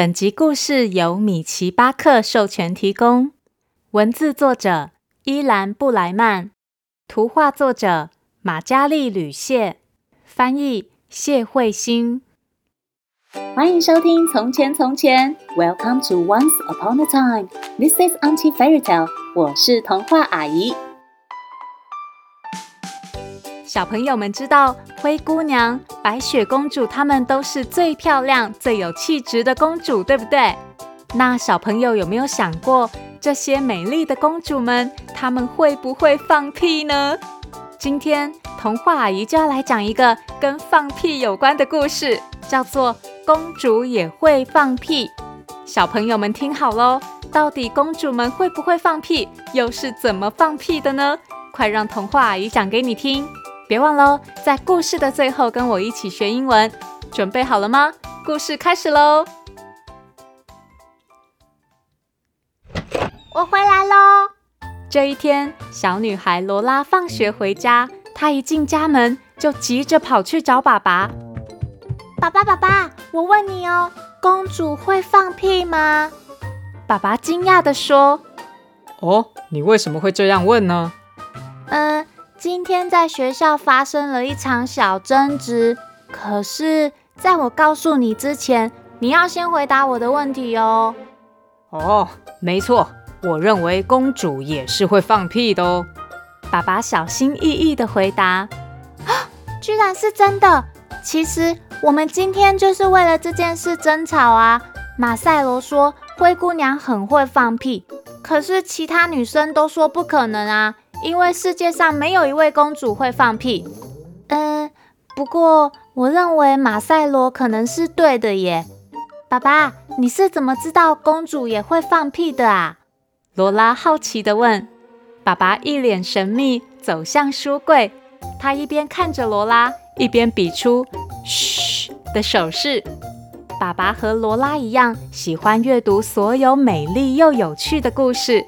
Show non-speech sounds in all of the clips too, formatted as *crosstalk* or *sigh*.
本集故事由米奇巴克授權提供，文字作者伊蘭布萊曼，圖畫作者瑪嘉莉呂榭，翻譯謝蕙心。歡迎收聽《從前從前》，Welcome to Once Upon a Time，This is Auntie Fairy Tale，我是童話阿姨。小朋友們知道灰姑娘、白雪公主，她們都是最漂亮、最有氣質的公主，對不對？那小朋友有沒有想過，這些美麗的公主們，她們會不會放屁呢？今天童話阿姨就要來講一個跟放屁有關的故事，叫做《公主也會放屁》。小朋友們聽好嘍，到底公主們會不會放屁，又是怎麼放屁的呢？快讓童話阿姨講給你聽。別忘了，在故事的最後跟我一起學英文，準備好了嗎？故事開始嘍！我回來嘍。這一天，小女孩羅拉放學回家，她一進家門就急着跑去找爸爸。爸爸，爸爸，我問你哦，公主會放屁嗎？爸爸驚訝地說：“哦，你為什麼會這樣問呢？”嗯、呃。今天在學校發生了一場小爭執，可是在我告訴你之前，你要先回答我的問題哦。哦，沒錯，我認為公主也是會放屁的哦。爸爸小心翼翼地回答。啊，居然是真的！其實我們今天就是為了這件事爭吵啊。馬賽羅說灰姑娘很會放屁，可是其他女生都說不可能啊。因為世界上沒有一位公主會放屁。嗯，不過我認為馬賽羅可能是對的耶。爸爸，你是怎麼知道公主也會放屁的啊？羅拉好奇地問。爸爸一臉神秘，走向書櫃。他一邊看着羅拉，一邊比出噓的手勢。爸爸和羅拉一樣，喜歡閱讀所有美麗又有趣的故事。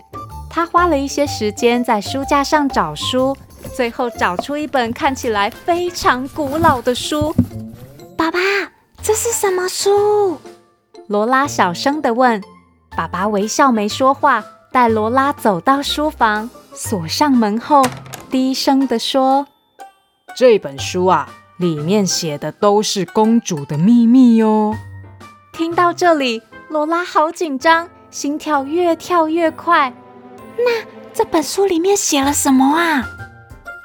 他花了一些時間在書架上找書，最後找出一本看起來非常古老的書。爸爸，這是什麼書？羅拉小聲的問。爸爸微笑沒說話，帶羅拉走到書房，鎖上門後，低聲的說：“這本書啊，裡面寫的都是公主的秘密喲。”聽到這裡，羅拉好緊張，心跳越跳越快。那這本書裡面寫了什麼啊？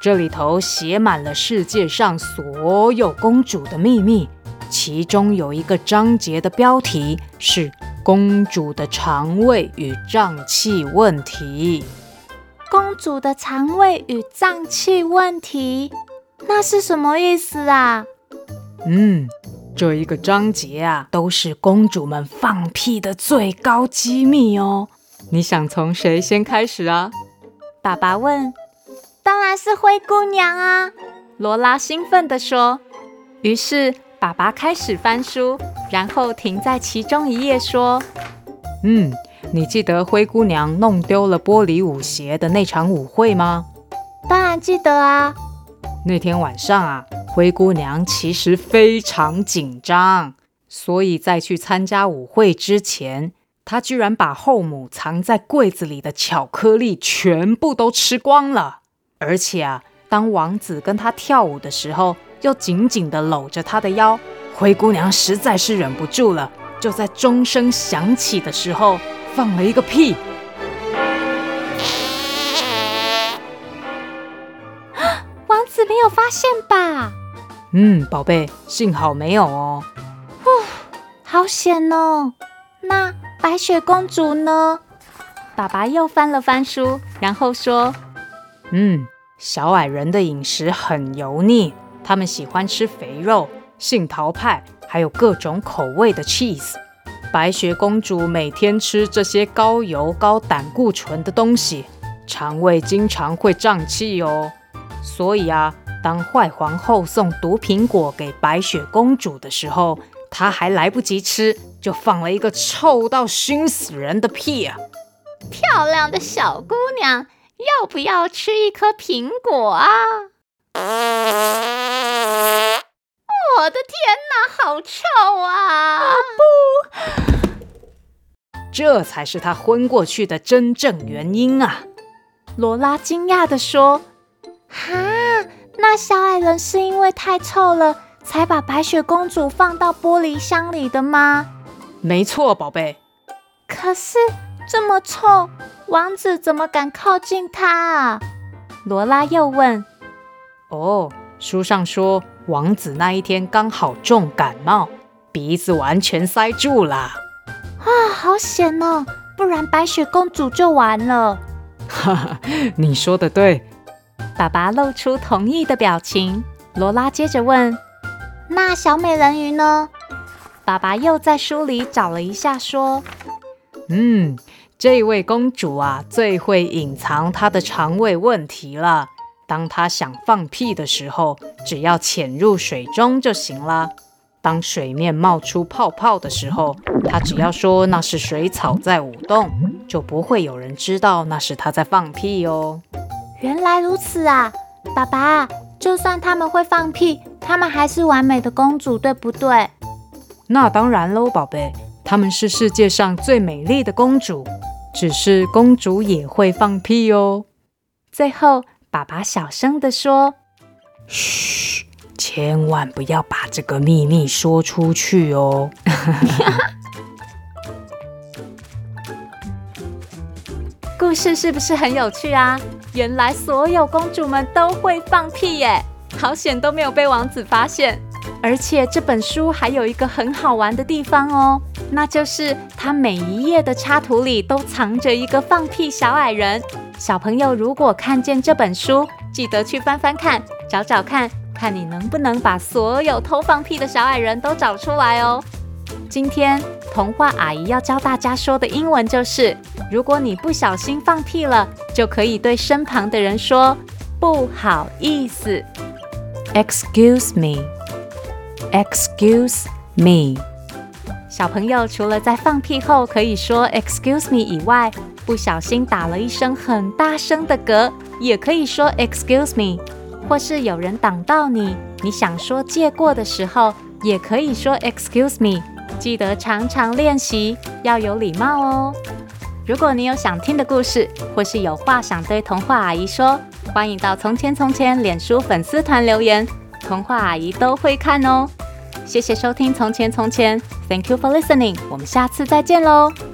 這裡頭寫滿了世界上所有公主的秘密，其中有一個章節的標題是“公主的腸胃與脹氣問題”。公主的腸胃與脹氣問題，那是什麼意思啊？嗯，這一個章節啊，都是公主們放屁的最高機密哦。你想從誰先開始啊？爸爸問。當然是灰姑娘啊！羅拉興奮地說。於是爸爸開始翻書，然後停在其中一頁說：“嗯，你記得灰姑娘弄丟了玻璃舞鞋的那場舞會嗎？”“當然記得啊。”“那天晚上啊，灰姑娘其實非常緊張，所以在去參加舞會之前。”他居然把後母藏在櫃子裡的巧克力全部都吃光了，而且啊，當王子跟她跳舞的時候，又緊緊的摟着她的腰，灰姑娘實在是忍不住了，就在鐘聲響起的時候，放了一個屁。王子沒有發現吧？嗯，寶貝，幸好沒有哦。呼，好險哦，那。白雪公主呢？爸爸又翻了翻書，然後說：“嗯，小矮人的飲食很油膩，他們喜歡吃肥肉、杏桃派，還有各種口味的 cheese。白雪公主每天吃這些高油、高膽固醇的東西，腸胃經常會脹氣哦。所以啊，當壞皇后送毒蘋果給白雪公主的時候……他還來不及吃，就放了一個臭到熏死人的屁啊！漂亮的小姑娘，要不要吃一顆蘋果啊？呃、我的天哪，好臭啊！哦、不， *laughs* 這才是他昏過去的真正原因啊！羅拉驚訝地說：“哈、啊，那小矮人是因為太臭了。”才把白雪公主放到玻璃箱裡的嗎？沒錯，寶貝。可是這麼臭，王子怎麼敢靠近她啊？羅拉又問。哦，書上說王子那一天剛好重感冒，鼻子完全塞住了。啊，好險哦，不然白雪公主就完了。哈哈，你說的對。爸爸露出同意的表情，羅拉接着問。那小美人魚呢？爸爸又在書裡找了一下，說：“嗯，這位公主啊，最會隱藏她的腸胃問題了。當她想放屁的時候，只要潛入水中就行了。當水面冒出泡泡的時候，她只要說那是水草在舞動，就不會有人知道那是她在放屁哦。”原來如此啊，爸爸，就算他們會放屁。她們還是完美的公主，對不對？那當然嘍，寶貝，她們是世界上最美麗的公主。只是公主也會放屁哦。最後，爸爸小聲地說：“噓，千萬不要把這個秘密說出去哦。”哈哈哈哈！故事是不是很有趣啊？原來所有公主們都會放屁耶！好險都沒有被王子發現！而且這本書還有一個很好玩的地方哦，那就是它每一頁的插圖裡都藏着一個放屁小矮人。小朋友如果看見這本書，記得去翻翻看，找找看，看你能不能把所有偷放屁的小矮人都找出來哦。今天童話阿姨要教大家說的英文就是：如果你不小心放屁了，就可以對身旁的人說“不好意思”。Excuse me, excuse me。小朋友除了在放屁後可以說 excuse me 以外，不小心打了一聲很大聲的嗝，也可以說 excuse me。或是有人擋到你，你想說借過的時候，也可以說 excuse me。記得常常練習，要有禮貌哦。如果你有想聽的故事，或是有話想對童話阿姨說。歡迎到從前從前臉書粉絲團留言，童話阿姨都會看哦。謝謝收聽從前從前，Thank you for listening。我們下次再見嘍。